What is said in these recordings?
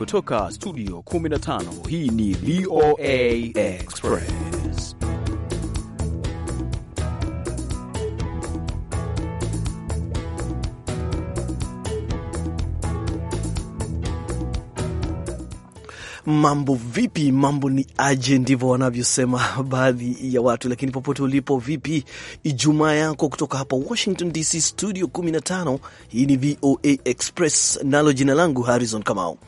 kutoka studio 15 hii ni VOA Express. Mambo vipi? Mambo ni aje? Ndivyo wanavyosema baadhi ya watu. Lakini popote ulipo, vipi Ijumaa yako? Kutoka hapa Washington DC, studio 15, hii ni VOA Express, nalo jina langu Harrison Kamau.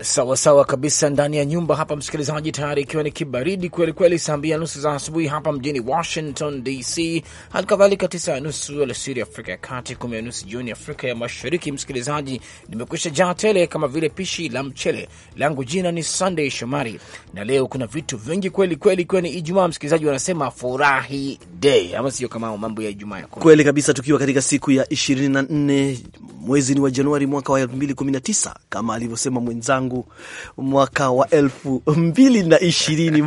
Sawa sawa kabisa, ndani ya nyumba hapa, msikilizaji, tayari ikiwa ni kibaridi kwelikweli, saa mbili nusu za asubuhi hapa mjini Washington DC, hali kadhalika tisa ya nusu alasiri Afrika ya Kati, kumi ya nusu jioni Afrika ya Mashariki. Msikilizaji, nimekwisha jaa tele kama vile pishi la mchele langu. Jina ni Sunday Shomari na leo kuna vitu vingi kweli kweli, ikiwa ni Ijumaa. Msikilizaji, wanasema furahi day, ama sio? Kama mambo ya Ijumaa kweli kabisa, tukiwa katika siku ya 24 mwezi ni wa Januari mwaka wa 2019 kama alivyosema mwenzangu, mwaka wa 2020.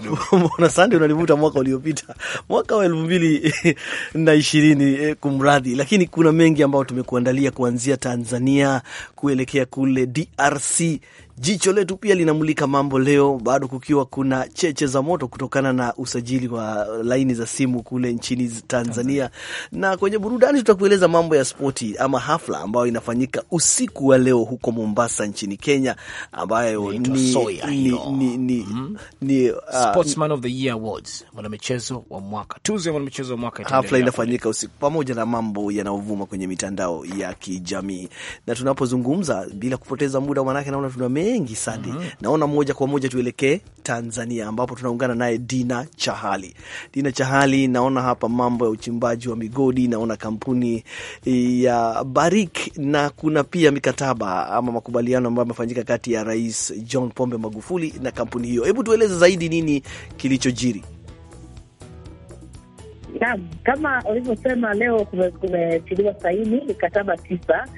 Mbona sande, unanivuta mwaka uliopita, mwaka wa 2020 eh, kumradhi. Lakini kuna mengi ambayo tumekuandalia kuanzia Tanzania kuelekea kule DRC Jicho letu pia linamulika mambo leo, bado kukiwa kuna cheche za moto kutokana na usajili wa laini za simu kule nchini Tanzania. Na kwenye burudani, tutakueleza mambo ya spoti ama hafla ambayo inafanyika usiku wa leo huko Mombasa nchini Kenya, ambayo ni, ni, ni, ni, mm -hmm. ni uh, Sportsman of the Year Awards, mwanamichezo wa mwaka, tuzo ya mwanamichezo wa mwaka. Hafla inafanyika usiku pamoja na mambo yanayovuma kwenye mitandao ya kijamii, na tunapozungumza bila kupoteza muda, manake naona tuna mengi Sande. mm -hmm. Naona moja kwa moja tuelekee Tanzania ambapo tunaungana naye Dina Chahali. Dina Chahali, naona hapa mambo ya uchimbaji wa migodi, naona kampuni e, ya Barik na kuna pia mikataba ama makubaliano ambayo amefanyika kati ya Rais John Pombe Magufuli na kampuni hiyo. Hebu tueleze zaidi nini kilichojiri? Naam, kama ulivyosema leo kumetiliwa kume saini mikataba tisa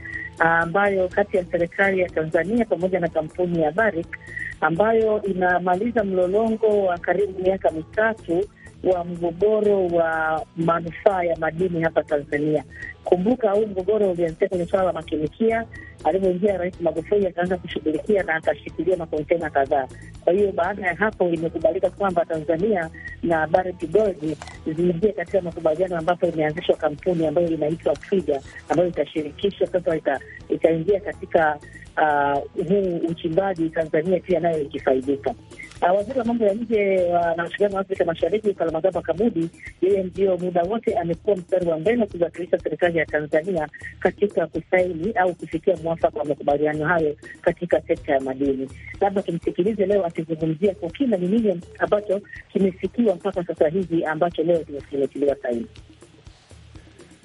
ambayo kati ya serikali ya Tanzania pamoja na kampuni ya Barrick ambayo inamaliza mlolongo wa karibu miaka mitatu wa mgogoro wa manufaa ya madini hapa Tanzania. Kumbuka huu mgogoro ulianzia kwenye swala la makinikia, alivyoingia Rais Magufuli akaanza kushughulikia na akashikilia makontena kadhaa. Kwa hiyo baada ya hapo imekubalika kwamba Tanzania na Barrick Gold ziingie katika makubaliano ambapo imeanzishwa kampuni ambayo inaitwa Twiga ambayo itashirikishwa sasa, itaingia katika ah, huu uh, uchimbaji Tanzania pia nayo ikifaidika. Ah, waziri wa mambo ya nje wa ushirikiano wa Afrika Mashariki, Palamagamba Kabudi, yeye ndio muda wote amekuwa mstari wa mbele kuwakilisha serikali ya Tanzania katika kusaini au kufikia mwafaka wa makubaliano hayo katika sekta ya madini. Labda tumsikilize leo akizungumzia kwa kina ni nini ambacho kimefikiwa mpaka sasa hivi ambacho leo kimetiliwa saini.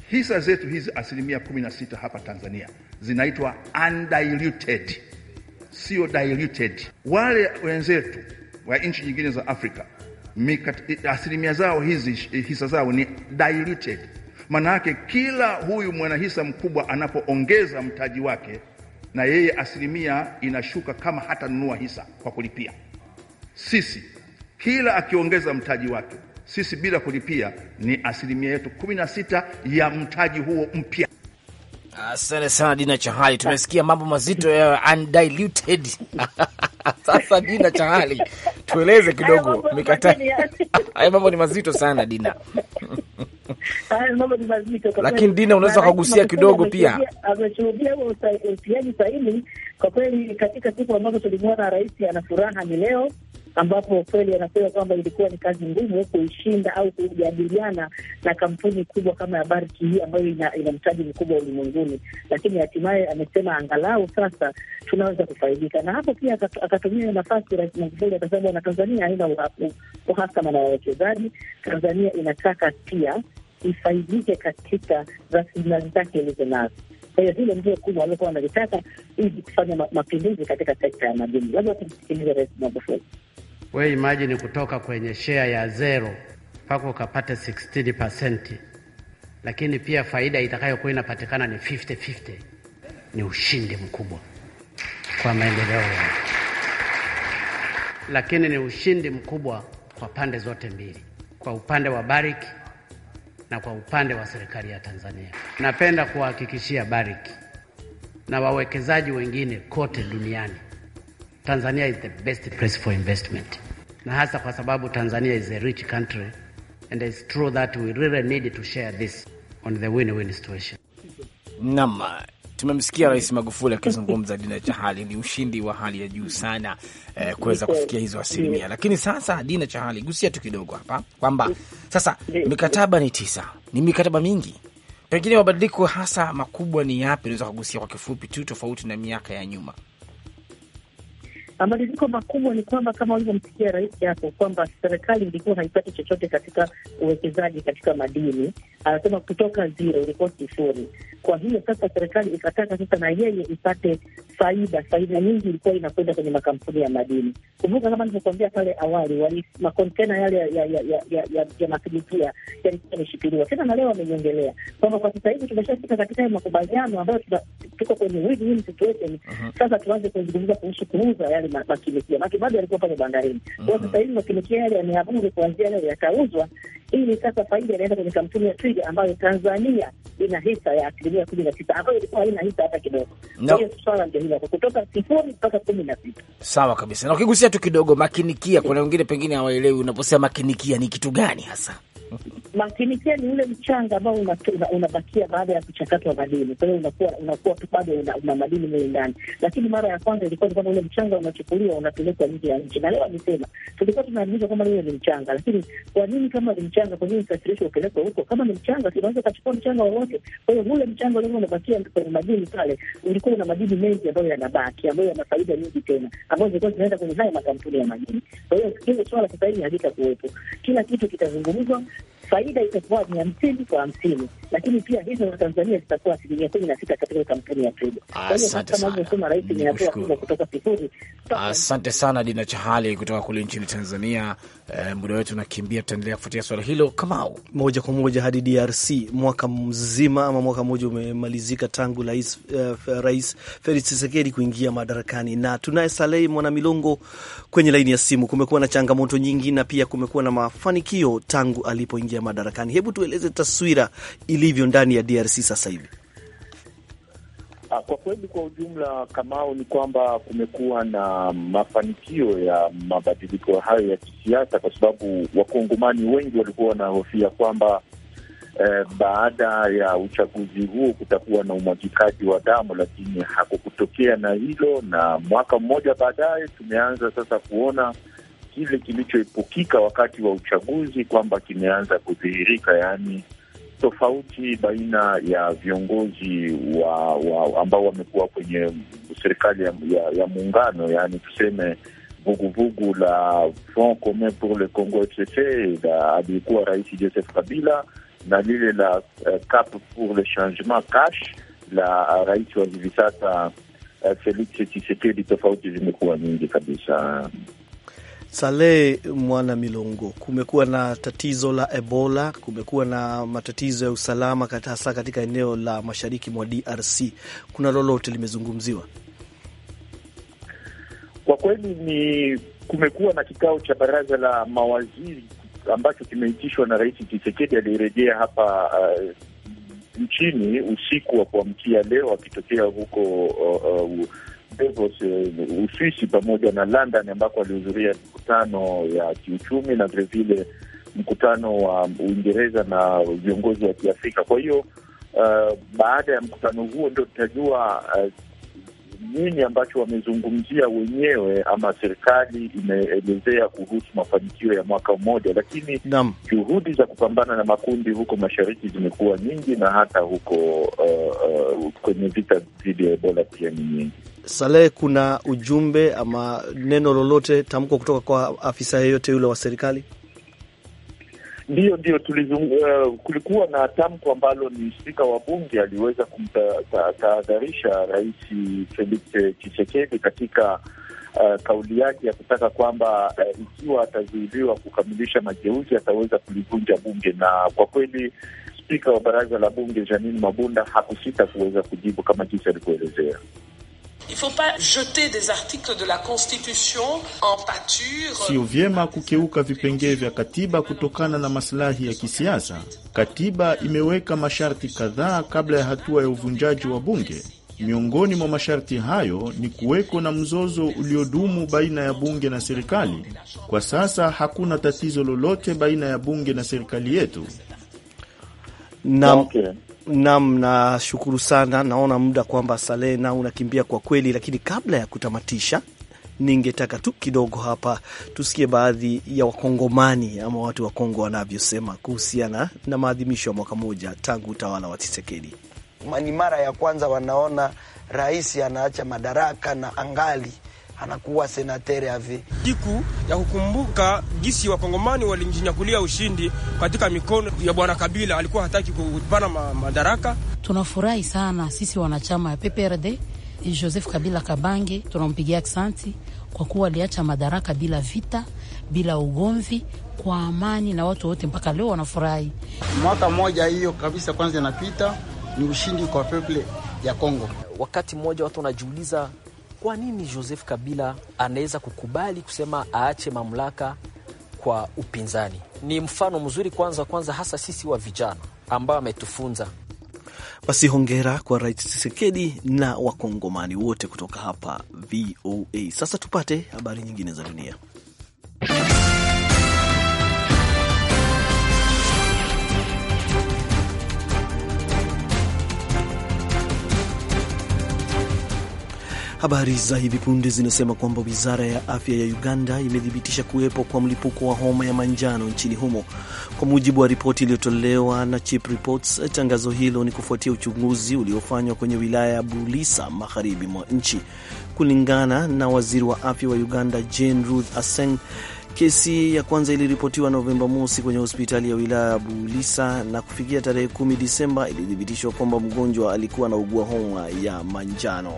Hisa zetu hizi asilimia kumi na sita hapa Tanzania zinaitwa undiluted, sio diluted. Wale wenzetu wa nchi nyingine za Afrika asilimia zao hizi eh, hisa zao ni diluted. Maana yake kila huyu mwanahisa mkubwa anapoongeza mtaji wake, na yeye asilimia inashuka kama hata nunua hisa kwa kulipia. Sisi kila akiongeza mtaji wake, sisi bila kulipia ni asilimia yetu 16 ya mtaji huo mpya. Asante sana Dina Chahali, tumesikia mambo mazito ya undiluted. Sasa Dina Chahali tueleze kidogo mikakati. Haya mambo ni mazito sana Dina. Lakini Dina, unaweza ukagusia kidogo pia, ameshuhudia utiaji saini kwa kweli. Katika siku ambazo tulimwona rais ana furaha ni leo ambapo kweli anasema kwamba ilikuwa ni kazi ngumu kuishinda au kujadiliana na kampuni kubwa kama ya Barrick hii ambayo ina, ina mtaji mkubwa ulimwenguni, lakini hatimaye amesema angalau sasa tunaweza kufaidika na hapo. Pia akatumia nafasi Rais Magufuli akasema, na Tanzania haina uhasama na wawekezaji. Tanzania inataka pia ifaidike katika rasilimali zake ilizo nazo. Kwa hiyo hilo ndio kubwa waliokuwa wanalitaka ili kufanya mapinduzi katika sekta ya madini. Labda tumsikilize Rais Magufuli. We imagine kutoka kwenye share ya zero mpaka ukapata 60%, lakini pia faida itakayokuwa inapatikana ni 50-50. Ni ushindi mkubwa kwa maendeleo ya, lakini ni ushindi mkubwa kwa pande zote mbili, kwa upande wa Bariki na kwa upande wa serikali ya Tanzania. Napenda kuwahakikishia Bariki na wawekezaji wengine kote duniani, Tanzania is the best place for investment na hasa kwa sababu Tanzania is a rich country and it's true that we really need to share this on the win-win situation. Naam, tumemsikia Rais Magufuli akizungumza Dina Chahali, ni ushindi wa hali ya juu sana eh, kuweza kufikia hizo asilimia. Lakini sasa, Dina Chahali, gusia tu kidogo hapa kwamba sasa mikataba ni tisa, ni mikataba mingi pengine mabadiliko hasa makubwa ni yapi? Naweza kugusia kwa kifupi tu, tofauti na miaka ya nyuma. Mabadiliko makubwa ni kwamba kama walivyomsikia rais hapo kwamba serikali ilikuwa haipati chochote katika uwekezaji katika madini, anasema kutoka zero ilikuwa sifuri. Kwa hiyo sasa serikali ikataka sasa na yeye ipate faida. Faida nyingi ilikuwa inakwenda kwenye makampuni ya madini. Kumbuka kama nilivyokuambia pale awali, makontena yale ya ya ya ya, ya, ya ya mafidia yalikuwa yameshikiliwa tena, na leo wameniongelea kwamba kwa sasa hivi tumeshafika katika hayo makubaliano ambayo tuko kwenye win-win situation. Mhm. Sasa tuanze kuzungumza kuhusu kuuza yale makinikia, maana bado yalikuwa pale bandarini. Kwa mhm. sasa hivi makinikia yale yameaburi kuanzia leo yatauzwa, ili sasa faida inaenda kwenye kampuni ya moja ambayo Tanzania ina hisa ya asilimia kumi na tisa ambayo ilikuwa haina hisa hata kidogo. Kwa hiyo swala ndio hilo, kutoka sifuri mpaka kumi na sita. Sawa kabisa, na ukigusia tu kidogo makinikia, kuna wengine pengine hawaelewi unaposema makinikia ni kitu gani hasa lakini pia ni ule mchanga ambao unabakia una, una baada ya kuchakatwa madini. Kwa hiyo unakuwa unakuwa tu bado una, una madini mle ndani, lakini mara ya kwanza ilikuwa ni kwamba ule mchanga unachukuliwa unapelekwa nje ya nchi, na leo amesema tulikuwa tunaaminisha kwamba ile ni mchanga, lakini kwa nini kama ni mchanga, kwa nini usafirishwe upelekwe huko? Kama ni mchanga, si unaweza ukachukua mchanga wowote. Kwa hiyo ule mchanga ulikuwa unabakia kwenye madini pale, ulikuwa una madini mengi ambayo yanabaki, ambayo yana faida nyingi tena, ambayo zilikuwa zinaenda kwenye haya makampuni ya madini. Kwa hiyo hilo swala sasa hivi halitakuwepo, kila kitu kitazungumzwa faida itakuwa ni hamsini kwa hamsini, lakini pia hizo za Tanzania zitakuwa asilimia kumi na sita katika kampuni ya inatoa kutoka Trigo. Asante sana Dina Chahali kutoka kule nchini Tanzania. Eh, muda wetu unakimbia, tutaendelea kufuatia swala hilo Kamau moja kwa moja hadi DRC. Mwaka mzima ama mwaka mmoja umemalizika tangu rais, uh, eh, rais Felix Tshisekedi kuingia madarakani, na tunaye Salei Mwanamilongo kwenye laini ya simu. Kumekuwa na changamoto nyingi na pia kumekuwa na mafanikio tangu alipoingia kuingia madarakani. Hebu tueleze taswira ilivyo ndani ya DRC sasa hivi. Ah, kwa kweli, kwa ujumla, Kamao, ni kwamba kumekuwa na mafanikio ya mabadiliko hayo ya kisiasa, kwa sababu wakongomani wengi walikuwa wanahofia kwamba eh, baada ya uchaguzi huo kutakuwa na umwagikaji wa damu, lakini hakukutokea na hilo, na mwaka mmoja baadaye tumeanza sasa kuona kile kilichoepukika wakati wa uchaguzi kwamba kimeanza kudhihirika, yaani tofauti baina ya viongozi wa, wa ambao wamekuwa kwenye serikali ya, ya, ya muungano, yaani tuseme vuguvugu la Front Commun pour le Congo FCC la aliyekuwa Rais Joseph Kabila na lile la uh, Cap pour le Changement cash la eh, rais wa hivi sasa uh, eh, Felix Tshisekedi, tofauti zimekuwa nyingi kabisa. Saleh Mwana Milongo, kumekuwa na tatizo la Ebola, kumekuwa na matatizo ya usalama hasa katika eneo la mashariki mwa DRC. Kuna lolote limezungumziwa? Kwa kweli ni kumekuwa na kikao cha baraza la mawaziri ambacho kimeitishwa na Rais Tshisekedi aliyerejea hapa uh, nchini usiku wa kuamkia leo akitokea huko uh, uh, Davos Uswisi pamoja na London ambako alihudhuria mkutano ya kiuchumi na vilevile mkutano wa Uingereza na viongozi wa Kiafrika. Kwa hiyo uh, baada ya mkutano huo ndio tutajua uh, nini ambacho wamezungumzia wenyewe ama serikali imeelezea kuhusu mafanikio ya mwaka mmoja, lakini juhudi za kupambana na makundi huko mashariki zimekuwa nyingi na hata huko uh, uh, kwenye vita dhidi ya Ebola pia ni nyingi. Saleh, kuna ujumbe ama neno lolote tamko kutoka kwa afisa yeyote yule wa serikali? Ndiyo, ndiyo, uh, eh, kulikuwa na tamko ambalo ni spika wa bunge aliweza kumtahadharisha Rais Felix Tshisekedi katika uh, kauli yake ya kutaka kwamba uh, ikiwa atazuiliwa kukamilisha mageuzi ataweza kulivunja bunge, na kwa kweli spika wa baraza la bunge Janine Mabunda hakusita kuweza kujibu kama jinsi alivyoelezea. Il faut pas jeter des articles de la Constitution en pâture. Sio vyema kukeuka vipengee vya katiba kutokana na maslahi ya kisiasa. Katiba imeweka masharti kadhaa kabla ya hatua ya uvunjaji wa bunge. Miongoni mwa masharti hayo ni kuweko na mzozo uliodumu baina ya bunge na serikali. Kwa sasa hakuna tatizo lolote baina ya bunge na serikali yetu. Na, okay. Nam, nashukuru sana. Naona muda kwamba Salehe na unakimbia kwa kweli, lakini kabla ya kutamatisha ningetaka tu kidogo hapa tusikie baadhi ya Wakongomani ama watu wa Kongo wanavyosema kuhusiana na maadhimisho ya mwaka moja tangu utawala wa Tshisekedi. Ni mara ya kwanza wanaona rais anaacha madaraka na angali anakuwa senatere avi siku ya kukumbuka gisi wakongomani walijinyakulia ushindi katika mikono ya bwana Kabila, alikuwa hataki kupana madaraka. Tunafurahi sana sisi wanachama ya PPRD. Joseph Kabila Kabange tunampigia aksanti kwa kuwa aliacha madaraka bila vita, bila ugomvi, kwa amani na watu wote mpaka leo wanafurahi. Mwaka mmoja hiyo kabisa kwanza inapita, ni ushindi kwa peple ya Kongo. Wakati mmoja watu wanajiuliza kwa nini Joseph Kabila anaweza kukubali kusema aache mamlaka kwa upinzani? Ni mfano mzuri kwanza kwanza, hasa sisi wa vijana ambao ametufunza. Basi hongera kwa Rais Tshisekedi na wakongomani wote kutoka hapa VOA. Sasa tupate habari nyingine za dunia. Habari za hivi punde zinasema kwamba wizara ya afya ya Uganda imethibitisha kuwepo kwa mlipuko wa homa ya manjano nchini humo, kwa mujibu wa ripoti iliyotolewa na Chip Reports. Tangazo hilo ni kufuatia uchunguzi uliofanywa kwenye wilaya ya Bulisa, magharibi mwa nchi. Kulingana na waziri wa afya wa Uganda, Jane Ruth Aceng, kesi ya kwanza iliripotiwa Novemba mosi kwenye hospitali ya wilaya ya Bulisa na kufikia tarehe 10 Disemba ilithibitishwa kwamba mgonjwa alikuwa anaugua homa ya manjano.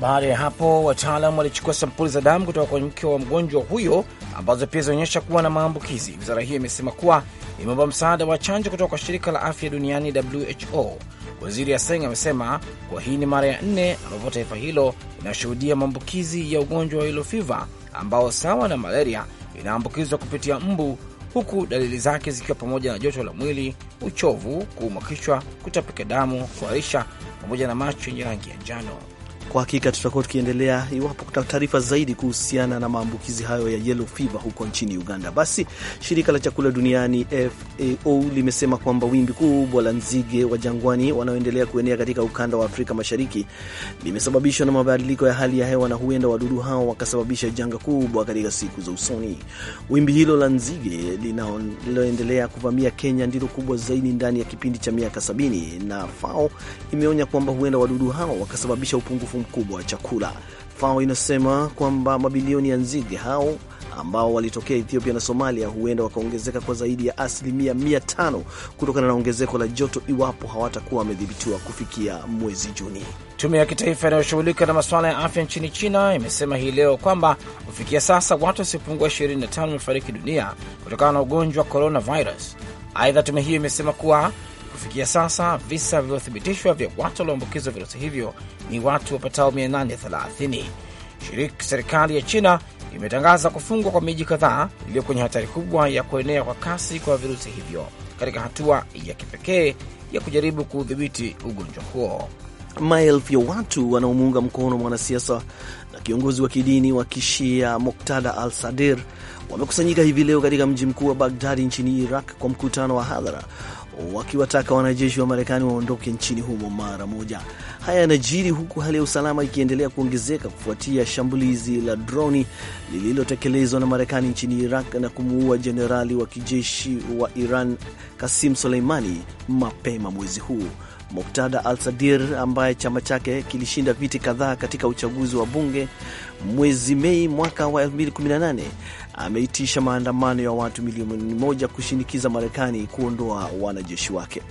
Baada ya hapo, wataalam walichukua sampuli za damu kutoka kwa mke wa mgonjwa huyo ambazo pia zinaonyesha kuwa na maambukizi. Wizara hiyo imesema kuwa imeomba msaada wa chanjo kutoka kwa shirika la afya duniani WHO. Waziri Aseng amesema kuwa hii ni mara ya nne ambapo taifa hilo linashuhudia maambukizi ya ugonjwa wa yellow fever ambao sawa na malaria inaambukizwa kupitia mbu, huku dalili zake zikiwa pamoja na joto la mwili, uchovu, kuumwa kichwa, kutapika damu, kuharisha pamoja na macho yenye rangi ya njano. Kwa hakika tutakuwa tukiendelea iwapo kuna taarifa zaidi kuhusiana na maambukizi hayo ya yellow fever huko nchini Uganda. Basi shirika la chakula duniani FAO limesema kwamba wimbi kubwa la nzige wa jangwani wanaoendelea kuenea katika ukanda wa Afrika Mashariki limesababishwa na mabadiliko ya hali ya hewa, na huenda wadudu hao wakasababisha janga kubwa katika siku za usoni. Wimbi hilo la nzige linaloendelea kuvamia Kenya ndilo kubwa zaidi ndani ya kipindi cha miaka sabini, na FAO imeonya kwamba huenda wadudu hao wakasababisha upungufu ukosefu mkubwa wa chakula. FAO inasema kwamba mabilioni ya nzige hao ambao walitokea Ethiopia na Somalia huenda wakaongezeka kwa zaidi ya asilimia mia tano kutokana na ongezeko la joto iwapo hawatakuwa wamedhibitiwa kufikia mwezi Juni. Tume ya kitaifa inayoshughulika na masuala ya afya nchini China imesema hii leo kwamba kufikia sasa watu wasiopungua 25 wamefariki dunia kutokana na ugonjwa wa coronavirus. Aidha, tume hiyo imesema kuwa Kufikia sasa visa vilivyothibitishwa vya watu walioambukizwa virusi hivyo ni watu wapatao 830. Shirika serikali ya China imetangaza kufungwa kwa miji kadhaa iliyo kwenye hatari kubwa ya kuenea kwa kasi kwa virusi hivyo katika hatua ya kipekee ya kujaribu kuudhibiti ugonjwa huo. Maelfu ya watu wanaomuunga mkono mwanasiasa na kiongozi wa kidini wa kishia Moktada Al Sadir wamekusanyika hivi leo katika mji mkuu wa Bagdadi nchini Iraq kwa mkutano wa hadhara wakiwataka wanajeshi wa Marekani waondoke nchini humo mara moja. Haya yanajiri huku hali ya usalama ikiendelea kuongezeka kufuatia shambulizi la droni lililotekelezwa na Marekani nchini Iraq na kumuua jenerali wa kijeshi wa Iran Kasim Soleimani mapema mwezi huu. muktada Al Sadir ambaye chama chake kilishinda viti kadhaa katika uchaguzi wa bunge mwezi Mei mwaka wa 2018 ameitisha maandamano ya watu milioni moja kushinikiza Marekani kuondoa wanajeshi wake.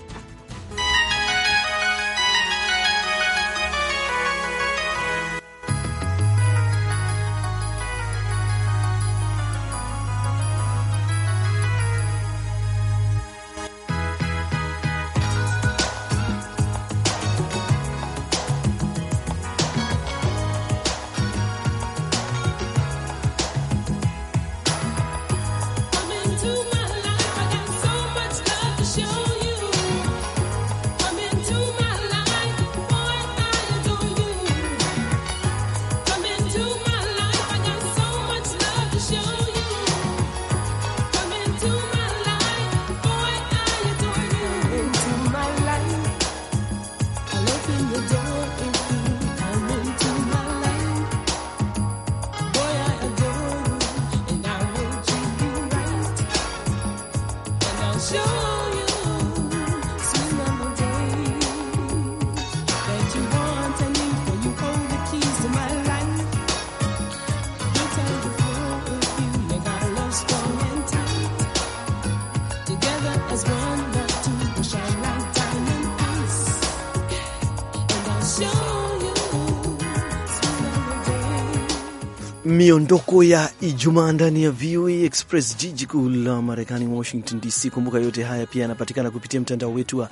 Miondoko ya Ijumaa ndani ya VOA Express, jiji kuu la Marekani, Washington DC. Kumbuka yote haya pia yanapatikana kupitia mtandao wetu wa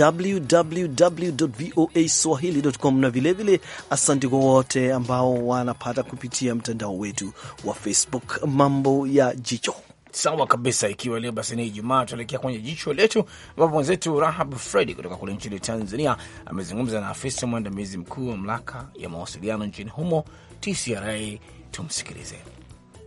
www voa swahili.com, na vilevile asante kwa wote ambao wanapata kupitia mtandao wetu wa Facebook. Mambo ya jicho Sawa kabisa, ikiwa leo basi ni Ijumaa, tuelekea kwenye jicho letu, ambapo mwenzetu Rahab Fredi kutoka kule nchini Tanzania amezungumza na afisa mwandamizi mkuu wa mamlaka ya mawasiliano nchini humo TCRA tumsikilize.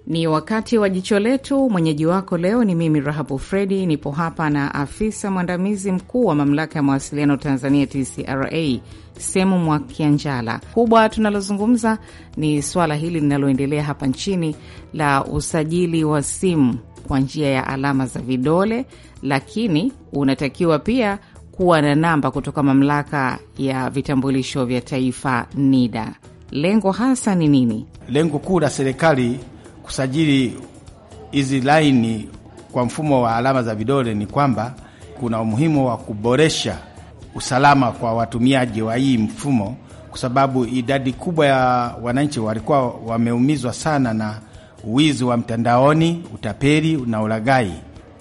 Ni wakati wa jicho letu. Mwenyeji wako leo ni mimi Rahabu Fredi, nipo hapa na afisa mwandamizi mkuu wa mamlaka ya mawasiliano Tanzania TCRA Semu Mwakianjala. Kubwa tunalozungumza ni swala hili linaloendelea hapa nchini la usajili wa simu kwa njia ya alama za vidole, lakini unatakiwa pia kuwa na namba kutoka mamlaka ya vitambulisho vya taifa NIDA lengo hasa ni nini? Lengo kuu la serikali kusajili hizi laini kwa mfumo wa alama za vidole ni kwamba kuna umuhimu wa kuboresha usalama kwa watumiaji wa hii mfumo, kwa sababu idadi kubwa ya wananchi walikuwa wameumizwa sana na uwizi wa mtandaoni, utapeli na ulagai.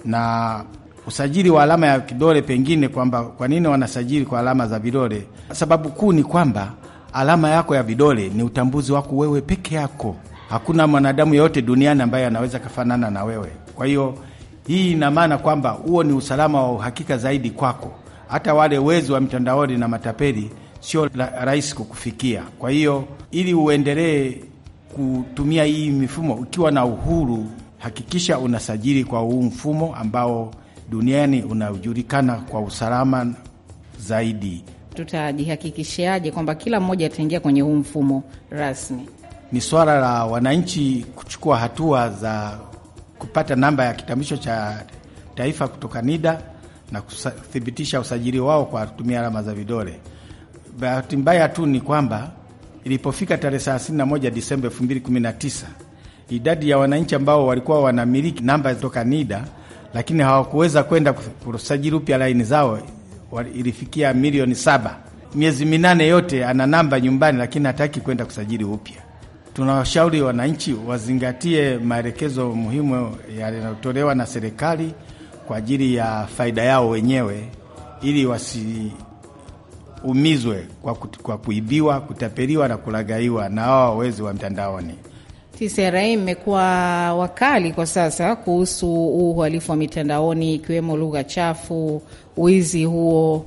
Na usajili wa alama ya kidole, pengine kwamba kwa nini wanasajili kwa alama za vidole, sababu kuu ni kwamba alama yako ya vidole ni utambuzi wako wewe peke yako. Hakuna mwanadamu yeyote duniani ambaye anaweza kafanana na wewe. Kwa hiyo hii ina maana kwamba huo ni usalama wa uhakika zaidi kwako. Hata wale wezi wa mitandaoni na matapeli sio rahisi kukufikia. Kwa hiyo ili uendelee kutumia hii mifumo ukiwa na uhuru, hakikisha unasajili kwa huu mfumo ambao duniani unajulikana kwa usalama zaidi tutajihakikishiaje kwamba kila mmoja ataingia kwenye huu mfumo rasmi? Ni swala la wananchi kuchukua hatua za kupata namba ya kitambulisho cha taifa kutoka NIDA na kuthibitisha usajili wao kwa kutumia alama za vidole. Bahati mbaya tu ni kwamba ilipofika tarehe 31 Disemba 2019 idadi ya wananchi ambao walikuwa wanamiliki namba kutoka NIDA lakini hawakuweza kwenda kusajili upya laini zao ilifikia milioni saba. Miezi minane yote ana namba nyumbani, lakini hataki kwenda kusajili upya. Tunawashauri wananchi wazingatie maelekezo muhimu yanayotolewa na serikali kwa ajili ya faida yao wenyewe, ili wasiumizwe kwa, kwa kuibiwa, kutapeliwa na kulagaiwa na hao wezi wa mtandaoni. TCRA imekuwa wakali kwa sasa kuhusu uhalifu wa mitandaoni, ikiwemo lugha chafu, wizi huo,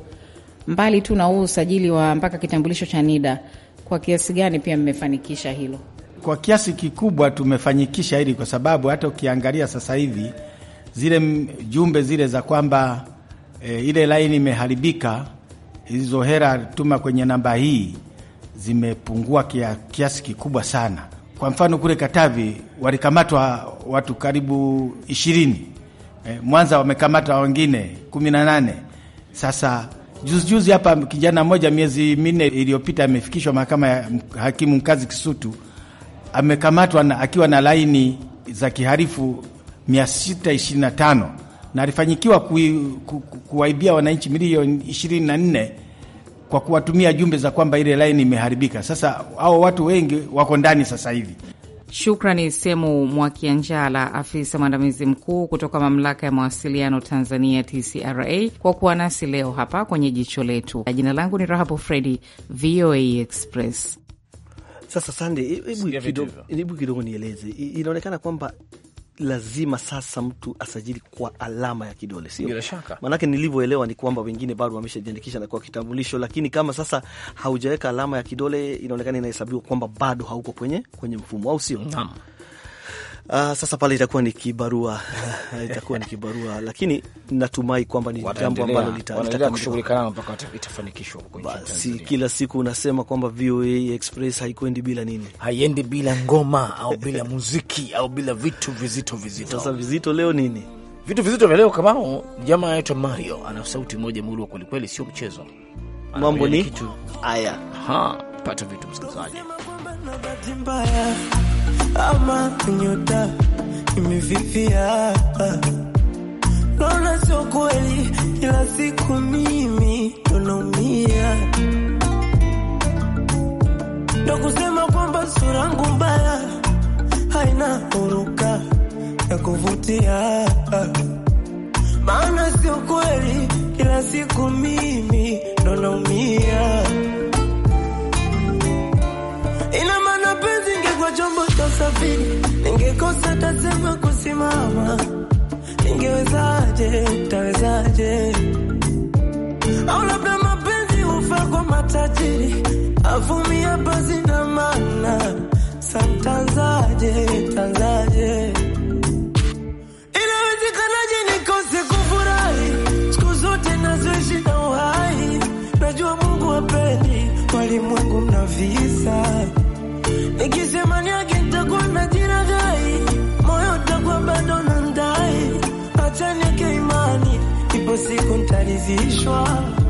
mbali tu na huu usajili wa mpaka kitambulisho cha NIDA. Kwa kiasi gani pia mmefanikisha hilo? Kwa kiasi kikubwa tumefanikisha hili, kwa sababu hata ukiangalia sasa hivi zile jumbe zile za kwamba e, ile laini imeharibika, hizo hera tuma kwenye namba hii, zimepungua kia, kiasi kikubwa sana. Kwa mfano kule Katavi walikamatwa watu karibu ishirini, e, Mwanza wamekamata wengine kumi na nane. Sasa juzi juzi hapa kijana mmoja miezi minne iliyopita amefikishwa mahakama ya hakimu mkazi Kisutu, amekamatwa akiwa na laini za kiharifu 625 na alifanyikiwa kuwaibia wananchi milioni 24 kwa kuwatumia jumbe za kwamba ile laini imeharibika. Sasa hao watu wengi wako ndani sasa hivi. Shukrani Semu Mwakianjala, afisa mwandamizi mkuu kutoka mamlaka ya mawasiliano Tanzania, TCRA, kwa kuwa nasi leo hapa kwenye jicho letu. Jina langu ni Rahabu Fredi, VOA Express. Sasa sande, hebu kidogo nieleze, inaonekana kwamba lazima sasa mtu asajili kwa alama ya kidole, sio? Bila shaka, maanake nilivyoelewa ni kwamba wengine bado wameshajiandikisha na kwa kitambulisho, lakini kama sasa haujaweka alama ya kidole inaonekana inahesabiwa kwamba bado hauko kwenye kwenye mfumo, au sio? Naam. Uh, sasa pale itakuwa ni kibarua itakuwa ni kibarua, lakini natumai kwamba ni jambo ambalo litafanikishwa. Basi kila siku unasema kwamba VOA Express haikwendi bila nini, haiendi bila ngoma au bila muziki au bila vitu vizito vizito. Sasa vizito leo nini? Vitu vizito vya leo kamao, jamaa anaitwa Mario, ana sauti moja murua kwelikweli, sio mchezo. Mambo ni haya, pata vitu msikilizaji Sina bahati mbaya ama nyota imefifia hapa, naona sio kweli, ila siku mimi naumia, ndo kusema kwamba sura yangu mbaya haina huruka ya kuvutia, maana sio kweli, ila siku mimi usafiri, ningekosa tasema kusimama, ningewezaje? Tawezaje? au labda mapenzi hufa kwa matajiri, avumia bazi na maana santanzaje? tanzaje utaridhishwa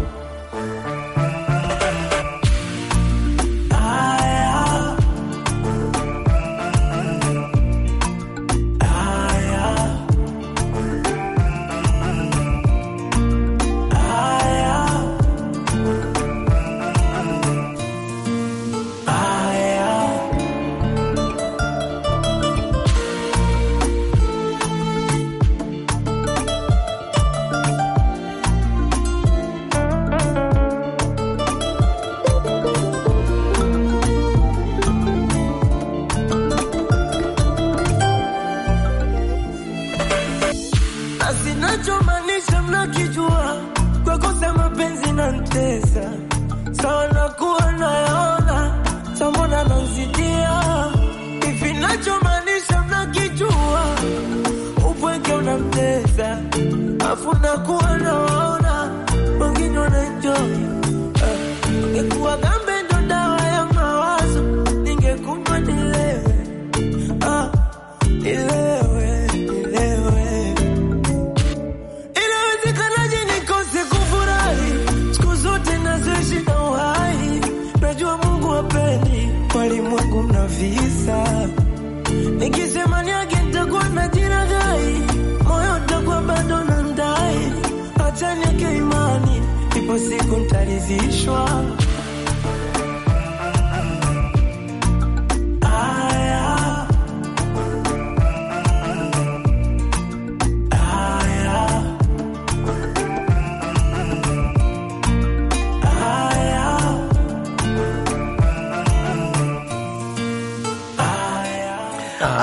alafu nakuwa na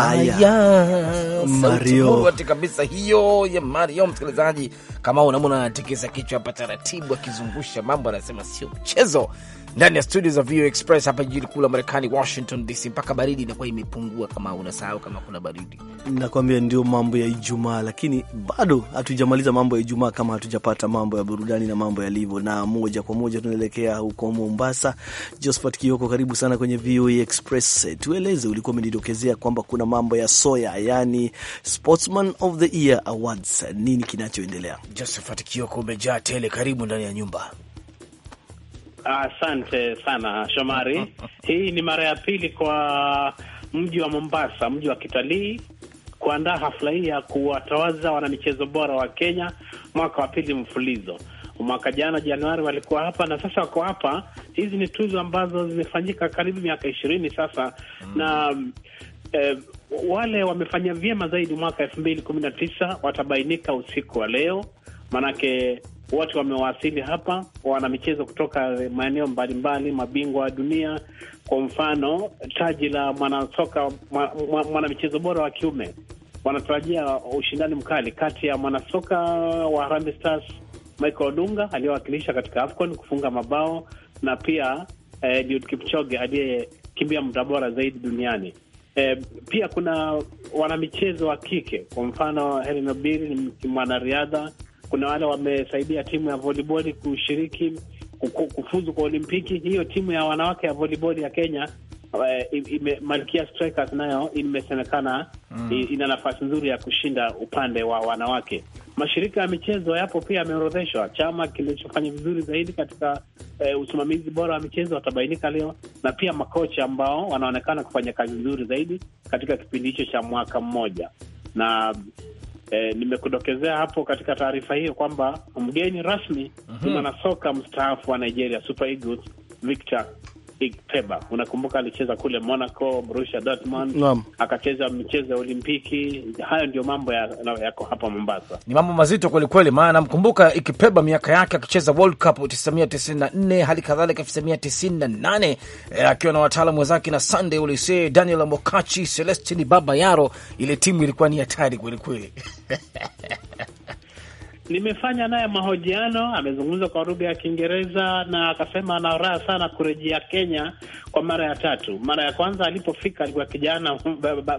Haya, Mario kabisa hiyo ya Mario. Msikilizaji, kama unamwona anatikisa kichwa hapa taratibu, akizungusha mambo, anasema sio mchezo ndani ya studio za VOA Express hapa jijini kuu la Marekani, Washington DC, mpaka baridi inakuwa imepungua, kama unasahau kama kuna baridi. Nakwambia ndio mambo ya Ijumaa, lakini bado hatujamaliza mambo ya Ijumaa kama hatujapata mambo ya burudani na mambo yalivyo, na moja kwa moja tunaelekea huko Mombasa. Josphat Kioko, karibu sana kwenye VOA Express. Tueleze, ulikuwa umenidokezea kwamba kuna mambo ya soya, yani Sportsman of the Year Awards. Nini kinachoendelea? Josphat Kioko, umejaa tele, karibu ndani ya nyumba Asante uh, sana Shomari. Hii ni mara ya pili kwa mji wa Mombasa, mji wa kitalii kuandaa hafla hii ya kuwatawaza wanamichezo bora wa Kenya mwaka wa pili mfulizo. Mwaka jana Januari walikuwa hapa na sasa wako hapa. Hizi ni tuzo ambazo zimefanyika karibu miaka ishirini sasa mm. na eh, wale wamefanya vyema zaidi mwaka elfu mbili kumi na tisa watabainika usiku wa leo, maanake watu wamewasili hapa, wana michezo kutoka maeneo mbalimbali, mabingwa wa dunia. Kwa mfano, taji la mwanasoka mwanamichezo bora wa kiume, wanatarajia ushindani mkali kati ya mwanasoka wa Harambee Stars Michael Odunga aliyewakilisha katika AFCON kufunga mabao na pia eh, Kipchoge aliyekimbia muda bora zaidi duniani. Eh, pia kuna wanamichezo wa kike, kwa mfano Hellen Obiri ni mwanariadha kuna wale wamesaidia timu ya voliboli kushiriki kufuzu kwa Olimpiki. Hiyo timu ya wanawake ya voliboli ya Kenya eh, Malkia Strikers nayo imesemekana mm, ina nafasi nzuri ya kushinda upande wa wanawake. Mashirika ya michezo yapo pia yameorodheshwa. Chama kilichofanya vizuri zaidi katika eh, usimamizi bora wa michezo watabainika leo, na pia makocha ambao wanaonekana kufanya kazi nzuri zaidi katika kipindi hicho cha mwaka mmoja, na E, nimekudokezea hapo katika taarifa hiyo kwamba mgeni rasmi ni mhm. mwanasoka mstaafu wa Nigeria Super Eagles Victor Big Peba. Unakumbuka alicheza kule Monaco, Borussia Dortmund, akacheza michezo ya Olimpiki. Hayo ndio mambo yako hapa Mombasa, ni mambo mazito kweli kweli, maana namkumbuka Ikipeba miaka yake akicheza World Cup 1994 hali kadhalika 1998 eh, akiwa na wataalam wenzake na Sunday Olise, Daniel Mokachi, Celestini Baba Yaro. Ile timu ilikuwa ni hatari kweli kweli. Nimefanya naye mahojiano, amezungumza kwa lugha ya Kiingereza na akasema ana raha sana kurejea Kenya kwa mara ya tatu. Mara ya kwanza alipofika alikuwa kijana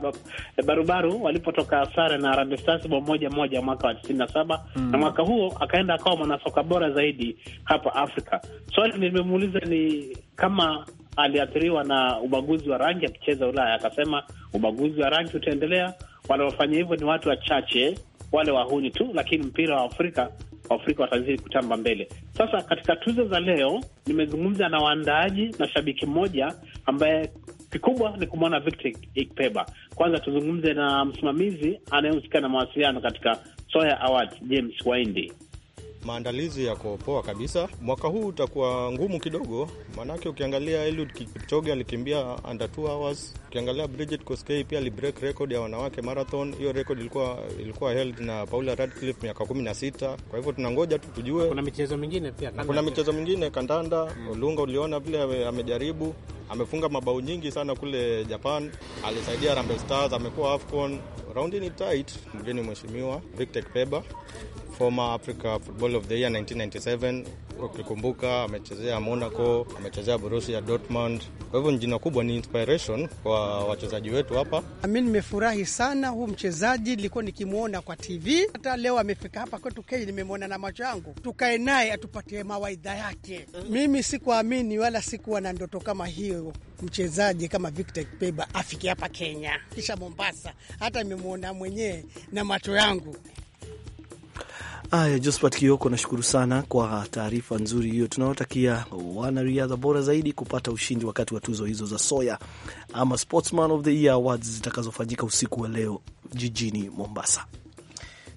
barubaru, walipotoka sare na Harambee Stars bao moja moja mwaka wa tisini na saba mm. na mwaka huo akaenda akawa mwanasoka bora zaidi hapa Afrika. Swali so, nimemuuliza ni kama aliathiriwa na ubaguzi wa rangi akicheza Ulaya. Akasema ubaguzi wa rangi utaendelea, wanaofanya hivyo ni watu wachache wale wahuni tu, lakini mpira wa Afrika Waafrika watazidi kutamba mbele. Sasa katika tuzo za leo, nimezungumza na waandaaji na shabiki mmoja ambaye kikubwa ni kumwona Victor Ikpeba. Kwanza tuzungumze na msimamizi anayehusika na mawasiliano katika Soya Awards, James Waindi. Maandalizi yako poa kabisa. Mwaka huu utakuwa ngumu kidogo, maanake ukiangalia Eliud Kipchoge alikimbia under 2 hours. Ukiangalia Bridget Koskei pia alibreak record ya wanawake marathon. Hiyo record ilikuwa ilikuwa held na Paula Radcliffe miaka 16. Kwa hivyo tunangoja tu tujue. Kuna michezo mingine pia, kuna michezo mingine kandanda. Mm. Olunga uliona vile amejaribu, amefunga mabao nyingi sana kule Japan, alisaidia Rambe Stars, amekuwa AFCON. Raundi ni tight, mgeni mheshimiwa Victor Kpeba former Africa Football of the Year 1997. Ukikumbuka amechezea Monaco, amechezea Borussia Dortmund. Kwa hivyo jina kubwa ni inspiration kwa wachezaji wetu hapa. Mimi nimefurahi sana, huu mchezaji nilikuwa nikimwona kwa TV, hata leo amefika hapa kwetu Kenya, nimemwona na macho yangu, tukae naye atupatie mawaidha yake. Mimi sikuamini wala sikuwa na ndoto kama hiyo mchezaji kama Victor Kipeba afike hapa Kenya kisha Mombasa, hata nimemwona mwenyewe na macho yangu. Haya, Josephat Kioko, nashukuru sana kwa taarifa nzuri hiyo. Tunawatakia wanariadha bora zaidi kupata ushindi wakati wa tuzo hizo za Soya ama Sportsman of the Year Awards zitakazofanyika usiku wa leo jijini Mombasa.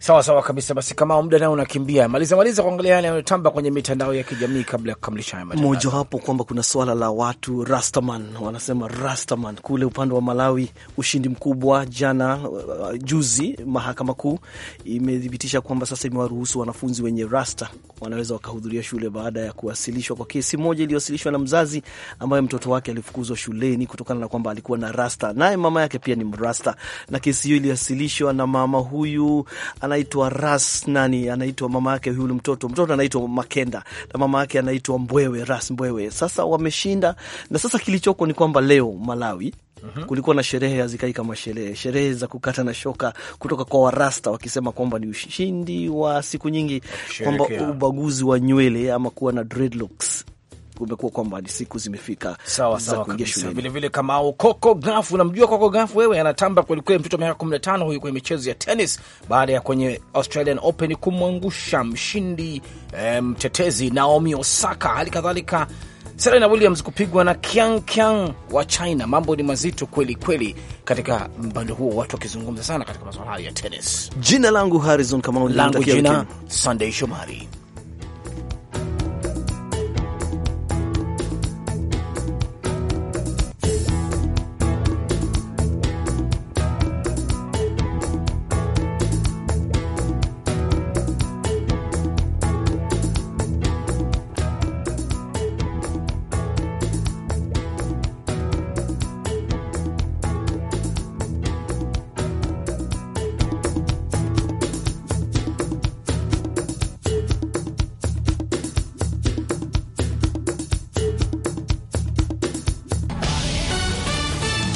Sawa sawa kabisa. Basi kama muda nao unakimbia, maliza maliza kuangalia yale yanayotamba kwenye mitandao ya kijamii kabla ya kukamilisha haya matangazo. Moja wapo kwamba kuna swala la watu Rastaman, wanasema Rastaman kule upande wa Malawi, ushindi mkubwa jana, uh, juzi mahakama kuu imethibitisha kwamba sasa imewaruhusu wanafunzi wenye rasta wanaweza wakahudhuria shule baada ya kuwasilishwa kwa kesi moja iliyowasilishwa na mzazi ambaye mtoto wake alifukuzwa shuleni kutokana na kwamba alikuwa na rasta, naye mama yake pia ni mrasta, na kesi hiyo iliwasilishwa na mama huyu ana anaitwa Ras nani, anaitwa mama yake huyu mtoto, mtoto anaitwa Makenda na mama yake anaitwa Mbwewe, Ras Mbwewe. Sasa wameshinda, na sasa kilichoko ni kwamba leo Malawi Uhum. Kulikuwa na sherehe hazikai kama sherehe, sherehe za kukata na shoka kutoka kwa Warasta wakisema kwamba ni ushindi wa siku nyingi, kwamba ubaguzi wa nywele ama kuwa na dreadlocks kumekuwa kwamba ni siku zimefika sawa sawa kabisa. Vile vile kama au Coco Gauff, unamjua Coco Gauff wewe, anatamba kweli kweli, mtoto miaka 15 huyu kwenye michezo ya tennis baada ya kwenye Australian Open kumwangusha mshindi eh, mtetezi um, Naomi Osaka, hali kadhalika Serena Williams kupigwa na Qiang Qiang wa China. Mambo ni mazito kweli kweli katika mpando huo, watu wakizungumza sana katika masuala hayo ya tennis. Jina langu Harrison Kamau, langu jina Sunday Shomari.